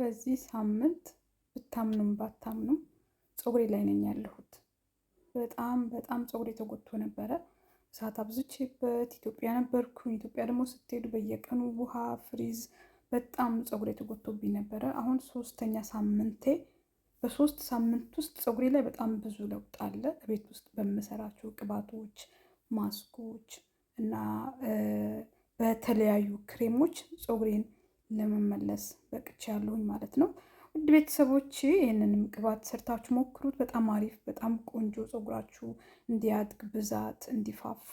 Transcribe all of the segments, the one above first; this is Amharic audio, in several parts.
በዚህ ሳምንት ብታምኑም ባታምኑም ፀጉሬ ላይ ነኝ ያለሁት። በጣም በጣም ፀጉሬ ተጎድቶ ነበረ። ሰዓት አብዝቼበት ኢትዮጵያ ነበርኩ። ኢትዮጵያ ደግሞ ስትሄዱ በየቀኑ ውሃ ፍሪዝ፣ በጣም ፀጉሬ ተጎድቶብኝ ነበረ። አሁን ሶስተኛ ሳምንቴ። በሶስት ሳምንት ውስጥ ፀጉሬ ላይ በጣም ብዙ ለውጥ አለ። ቤት ውስጥ በምሰራቸው ቅባቶች፣ ማስኮች እና በተለያዩ ክሬሞች ፀጉሬን ለመመለስ በቅቻለሁኝ ማለት ነው። ውድ ቤተሰቦች ይህንንም ቅባት ሰርታችሁ ሞክሩት። በጣም አሪፍ፣ በጣም ቆንጆ ፀጉራችሁ እንዲያድግ ብዛት እንዲፋፋ፣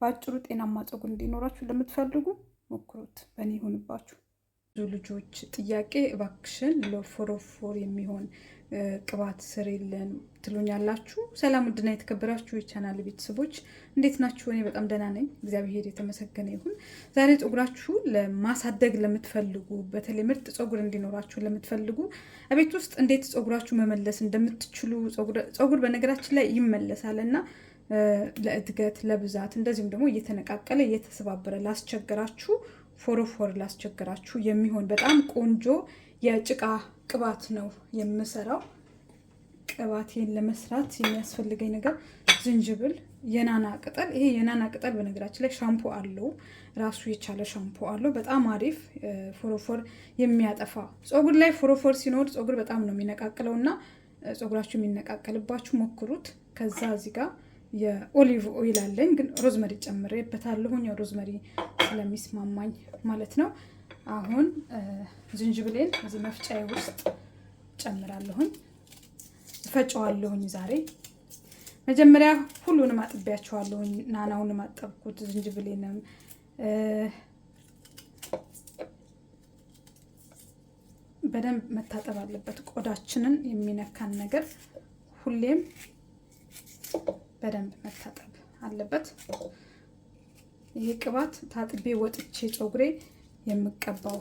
በአጭሩ ጤናማ ፀጉር እንዲኖራችሁ ለምትፈልጉ ሞክሩት። በእኔ ይሁንባችሁ። ልጆች ጥያቄ እባክሽን ለፎሮፎር የሚሆን ቅባት ስሪልን ትሉኛላችሁ። ሰላም ውድና የተከበራችሁ የቻናል ቤተሰቦች እንዴት ናችሁ? እኔ በጣም ደህና ነኝ፣ እግዚአብሔር የተመሰገነ ይሁን። ዛሬ ፀጉራችሁን ለማሳደግ ለምትፈልጉ፣ በተለይ ምርጥ ፀጉር እንዲኖራችሁ ለምትፈልጉ ቤት ውስጥ እንዴት ፀጉራችሁ መመለስ እንደምትችሉ ፀጉር በነገራችን ላይ ይመለሳል እና ለእድገት ለብዛት እንደዚሁም ደግሞ እየተነቃቀለ እየተሰባበረ ላስቸገራችሁ ፎርፎር ላስቸግራችሁ የሚሆን በጣም ቆንጆ የጭቃ ቅባት ነው የምሰራው። ቅባቴን ለመስራት የሚያስፈልገኝ ነገር ዝንጅብል፣ የናና ቅጠል። ይሄ የናና ቅጠል በነገራችን ላይ ሻምፖ አለው፣ ራሱ የቻለ ሻምፖ አለው። በጣም አሪፍ ፎሮፎር የሚያጠፋ ፀጉር ላይ ፎሮፎር ሲኖር ፀጉር በጣም ነው የሚነቃቅለው እና ፀጉራችሁ የሚነቃቀልባችሁ ሞክሩት። ከዛ እዚህ ጋር የኦሊቭ ኦይል አለኝ፣ ግን ሮዝመሪ ጨምሬበታለሁኝ ሮዝመሪ ስለሚስማማኝ ማለት ነው። አሁን ዝንጅብሌን እዚህ መፍጫዬ ውስጥ ጨምራለሁኝ፣ እፈጨዋለሁኝ ዛሬ። መጀመሪያ ሁሉንም አጥቤያቸዋለሁኝ። ናናውን አጠብኩት፣ ዝንጅብሌንም በደንብ መታጠብ አለበት። ቆዳችንን የሚነካን ነገር ሁሌም በደንብ መታጠብ አለበት። ይሄ ቅባት ታጥቤ ወጥቼ ፀጉሬ የምቀባው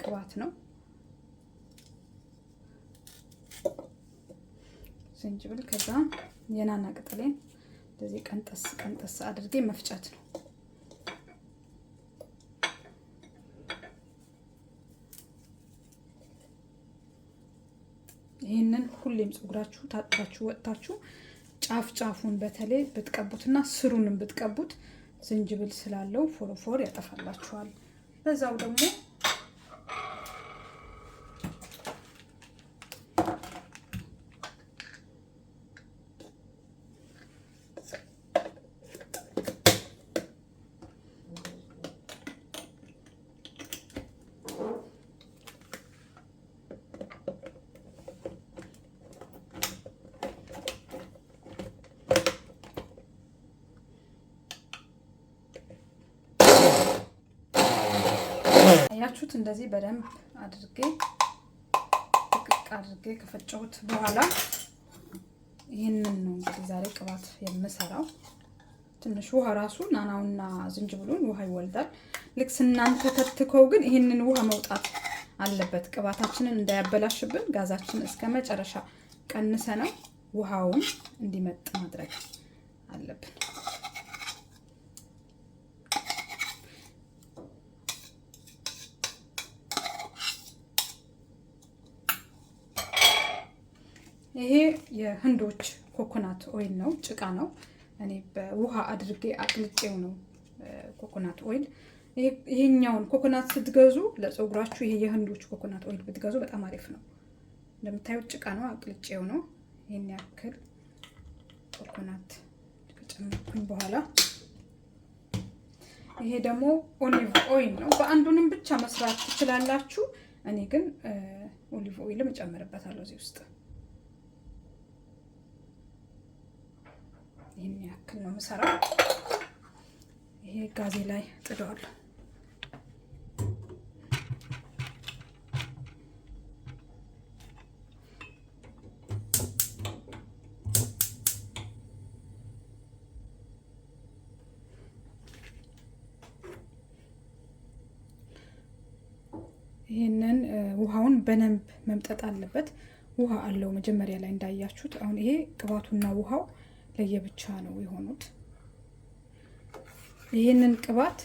ቅባት ነው። ዝንጅብል ከዛ የናና ቅጠሌን እንደዚህ ቀንጠስ ቀንጠስ አድርጌ መፍጨት ነው። ይህንን ሁሌም ፀጉራችሁ ታጥባችሁ ወጥታችሁ ጫፍ ጫፉን በተለይ ብትቀቡትና ስሩንም ብትቀቡት ዝንጅብል ስላለው ፎሮፎር ያጠፋላችኋል። በዛው ደግሞ አያችሁት? እንደዚህ በደንብ አድርጌ ጥቅቅ አድርጌ ከፈጨሁት በኋላ ይህንን ነው እንግዲህ ዛሬ ቅባት የምሰራው። ትንሽ ውሃ ራሱ ናናውና ዝንጅብሉን ውሃ ይወልዳል። ልክ ስናንተ ተትከው ግን ይህንን ውሃ መውጣት አለበት፣ ቅባታችንን እንዳያበላሽብን። ጋዛችን እስከ መጨረሻ ቀንሰ ነው ውሃውን እንዲመጥ ማድረግ አለብን። ይሄ የህንዶች ኮኮናት ኦይል ነው፣ ጭቃ ነው። እኔ በውሃ አድርጌ አቅልጬው ነው ኮኮናት ኦይል። ይሄኛውን ኮኮናት ስትገዙ ለፀጉራችሁ ይሄ የህንዶች ኮኮናት ኦይል ብትገዙ በጣም አሪፍ ነው። እንደምታዩት ጭቃ ነው፣ አቅልጬው ነው። ይህን ያክል ኮኮናት ከጨመርኩኝ በኋላ ይሄ ደግሞ ኦሊቭ ኦይል ነው። በአንዱንም ብቻ መስራት ትችላላችሁ። እኔ ግን ኦሊቭ ኦይልም እጨምርበታለሁ እዚህ ውስጥ ይህን ያክል ነው የምሰራው። ይሄ ጋዜ ላይ ጥደዋለሁ። ይህንን ውሃውን በደንብ መምጠጥ አለበት። ውሃ አለው መጀመሪያ ላይ እንዳያችሁት። አሁን ይሄ ቅባቱና ውሃው ለየብቻ ነው የሆኑት። ይህንን ቅባት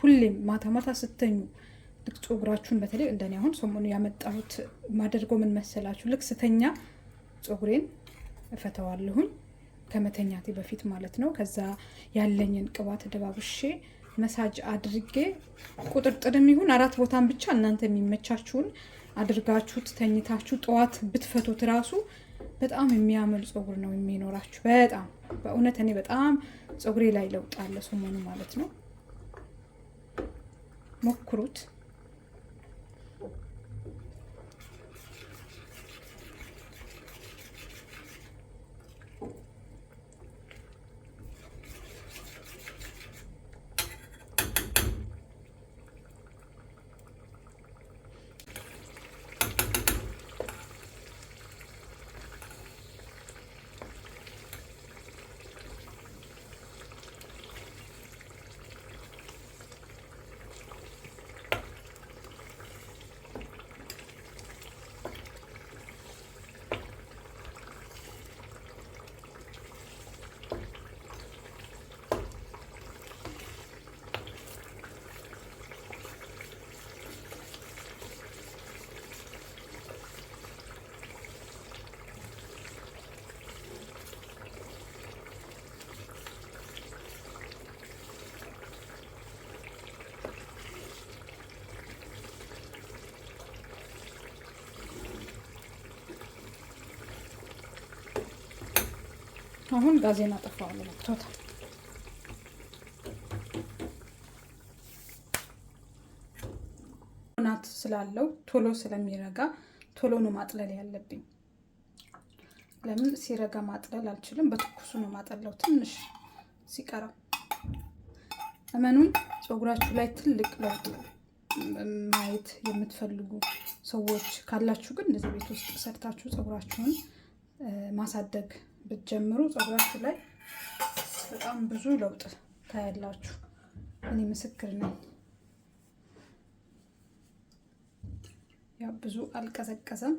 ሁሌም ማታ ማታ ስተኙ ልክ ጸጉራችሁን በተለይ እንደኔ አሁን ሰሞኑ ያመጣሁት ማደርገው ምን መሰላችሁ? ልክ ስተኛ ጸጉሬን እፈተዋለሁኝ ከመተኛቴ በፊት ማለት ነው። ከዛ ያለኝን ቅባት ደባብሼ መሳጅ አድርጌ ቁጥርጥርም ይሁን አራት ቦታን ብቻ እናንተ የሚመቻችሁን አድርጋችሁት ተኝታችሁ ጠዋት ብትፈቱት ራሱ በጣም የሚያምር ፀጉር ነው የሚኖራችሁ። በጣም በእውነት እኔ በጣም ፀጉሬ ላይ ለውጥ አለ ሰሞኑ ማለት ነው። ሞክሩት። አሁን ጋዜና ጠፋዋለሁ ለክቶታል። ናት ስላለው ቶሎ ስለሚረጋ ቶሎ ነው ማጥለል ያለብኝ። ለምን ሲረጋ ማጥለል አልችልም። በትኩሱ ነው ማጠለው። ትንሽ ሲቀራ። እመኑን ፀጉራችሁ ላይ ትልቅ ለውጥ ማየት የምትፈልጉ ሰዎች ካላችሁ ግን እንደዚህ ቤት ውስጥ ሰርታችሁ ፀጉራችሁን ማሳደግ ብትጀምሩ ፀጉራችሁ ላይ በጣም ብዙ ለውጥ ታያላችሁ። እኔ ምስክር ነኝ። ያ ብዙ አልቀዘቀዘም።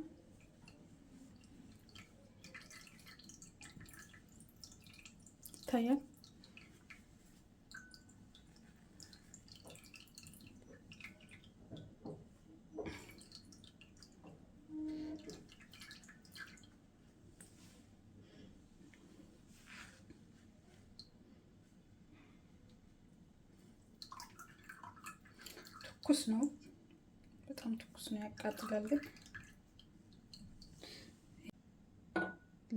ይታያል ትኩስ ነው፣ በጣም ትኩስ ነው። ያቃጥላል፣ ግን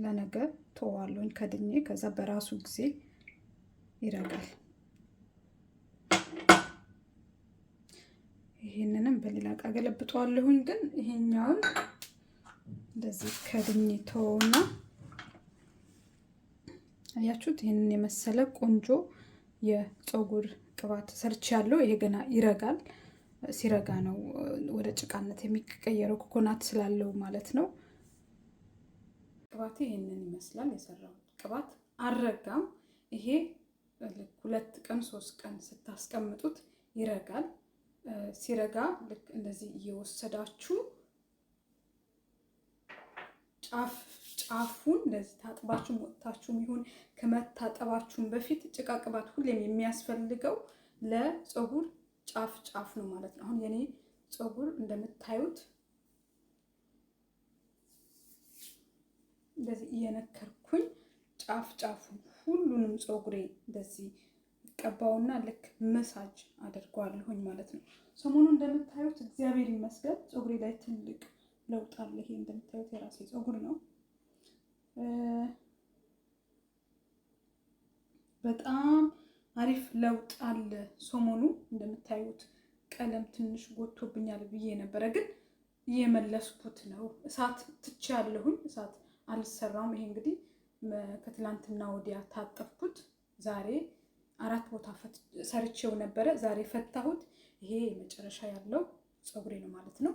ለነገ ተዋለኝ ከድኜ ከዛ በራሱ ጊዜ ይረጋል። ይህንንም በሌላ እቃ ገለብጠዋለሁኝ፣ ግን ይሄኛውን እንደዚህ ከድኜ ተወውና አያችሁት? ይህንን የመሰለ ቆንጆ የፀጉር ቅባት ሰርች ያለው ይሄ ገና ይረጋል። ሲረጋ ነው ወደ ጭቃነት የሚቀየረው ኮኮናት ስላለው ማለት ነው። ቅባቴ ይህንን ይመስላል የሰራው ቅባት አረጋም ይሄ ሁለት ቀን ሶስት ቀን ስታስቀምጡት ይረጋል። ሲረጋ ልክ እንደዚህ እየወሰዳችሁ ጫፍ ጫፉን እንደዚህ ታጥባችሁ ወጥታችሁም ይሁን ከመታጠባችሁም በፊት ጭቃ ቅባት ሁሌም የሚያስፈልገው ለፀጉር ጫፍ ጫፍ ነው ማለት ነው። አሁን የኔ ፀጉር እንደምታዩት እንደዚህ እየነከርኩኝ ጫፍ ጫፉን ሁሉንም ፀጉሬ እንደዚህ ቀባውና ልክ መሳጅ አድርጓለሁኝ ማለት ነው። ሰሞኑ እንደምታዩት እግዚአብሔር ይመስገን ፀጉሬ ላይ ትልቅ ለውጥ አለ። ይሄ እንደምታዩት የራሴ ፀጉር ነው። በጣም አሪፍ ለውጥ አለ። ሰሞኑ እንደምታዩት ቀለም ትንሽ ጎቶብኛል ብዬ ነበረ፣ ግን እየመለስኩት ነው። እሳት ያለሁኝ እሳት አልሰራውም። ይሄ እንግዲህ ከትላንትና ወዲያ ታጠፍኩት። ዛሬ አራት ቦታ ሰርቼው ነበረ፣ ዛሬ ፈታሁት። ይሄ መጨረሻ ያለው ፀጉሬ ነው ማለት ነው።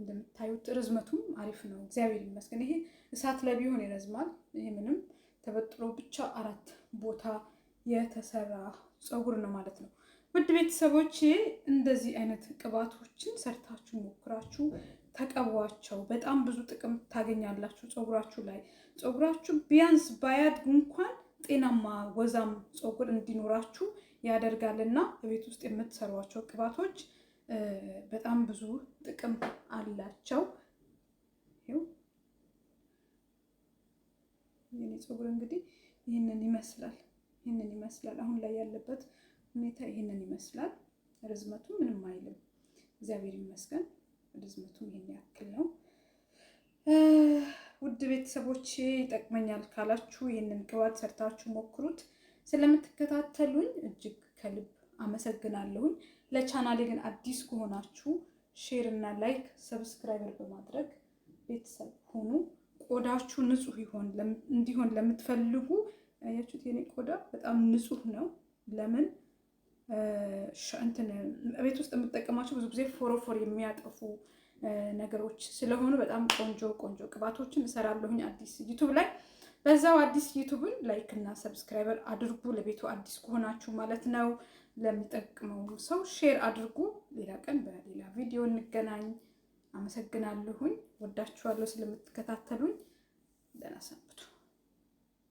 እንደምታዩት ርዝመቱም አሪፍ ነው፣ እግዚአብሔር ይመስገን። ይሄ እሳት ላይ ቢሆን ይረዝማል። ይሄ ምንም ተበጥሮ ብቻ አራት ቦታ የተሰራ ፀጉር ነው ማለት ነው። ውድ ቤተሰቦች እንደዚህ አይነት ቅባቶችን ሰርታችሁ ሞክራችሁ ተቀቧቸው። በጣም ብዙ ጥቅም ታገኛላችሁ ፀጉራችሁ ላይ። ፀጉራችሁ ቢያንስ ባያድግ እንኳን ጤናማ ወዛም ፀጉር እንዲኖራችሁ ያደርጋልና በቤት ውስጥ የምትሰሯቸው ቅባቶች በጣም ብዙ ጥቅም አላቸው። የኔ ፀጉር እንግዲህ ይህንን ይመስላል። ይህንን ይመስላል። አሁን ላይ ያለበት ሁኔታ ይህንን ይመስላል። ርዝመቱ ምንም አይልም፣ እግዚአብሔር ይመስገን። ርዝመቱ ይህን ያክል ነው። ውድ ቤተሰቦች ይጠቅመኛል ካላችሁ ይህንን ቅባት ሰርታችሁ ሞክሩት። ስለምትከታተሉኝ እጅግ ከልብ አመሰግናለሁኝ። ለቻናሌ ግን አዲስ ከሆናችሁ ሼር እና ላይክ፣ ሰብስክራይበር በማድረግ ቤተሰብ ሆኑ። ቆዳችሁ ንጹህ እንዲሆን ለምትፈልጉ አያችሁት? የኔ ቆዳ በጣም ንጹህ ነው። ለምን እንትን ቤት ውስጥ የምጠቀማቸው ብዙ ጊዜ ፎሮፎር የሚያጠፉ ነገሮች ስለሆኑ በጣም ቆንጆ ቆንጆ ቅባቶችን እሰራለሁኝ አዲስ ዩቱብ ላይ በዛው አዲስ ዩቱብን ላይክ እና ሰብስክራይበር አድርጉ። ለቤቱ አዲስ ከሆናችሁ ማለት ነው። ለሚጠቅመው ሰው ሼር አድርጉ። ሌላ ቀን በሌላ ቪዲዮ እንገናኝ። አመሰግናለሁኝ። ወዳችኋለሁ ስለምትከታተሉኝ። ደህና ሰንብቱ።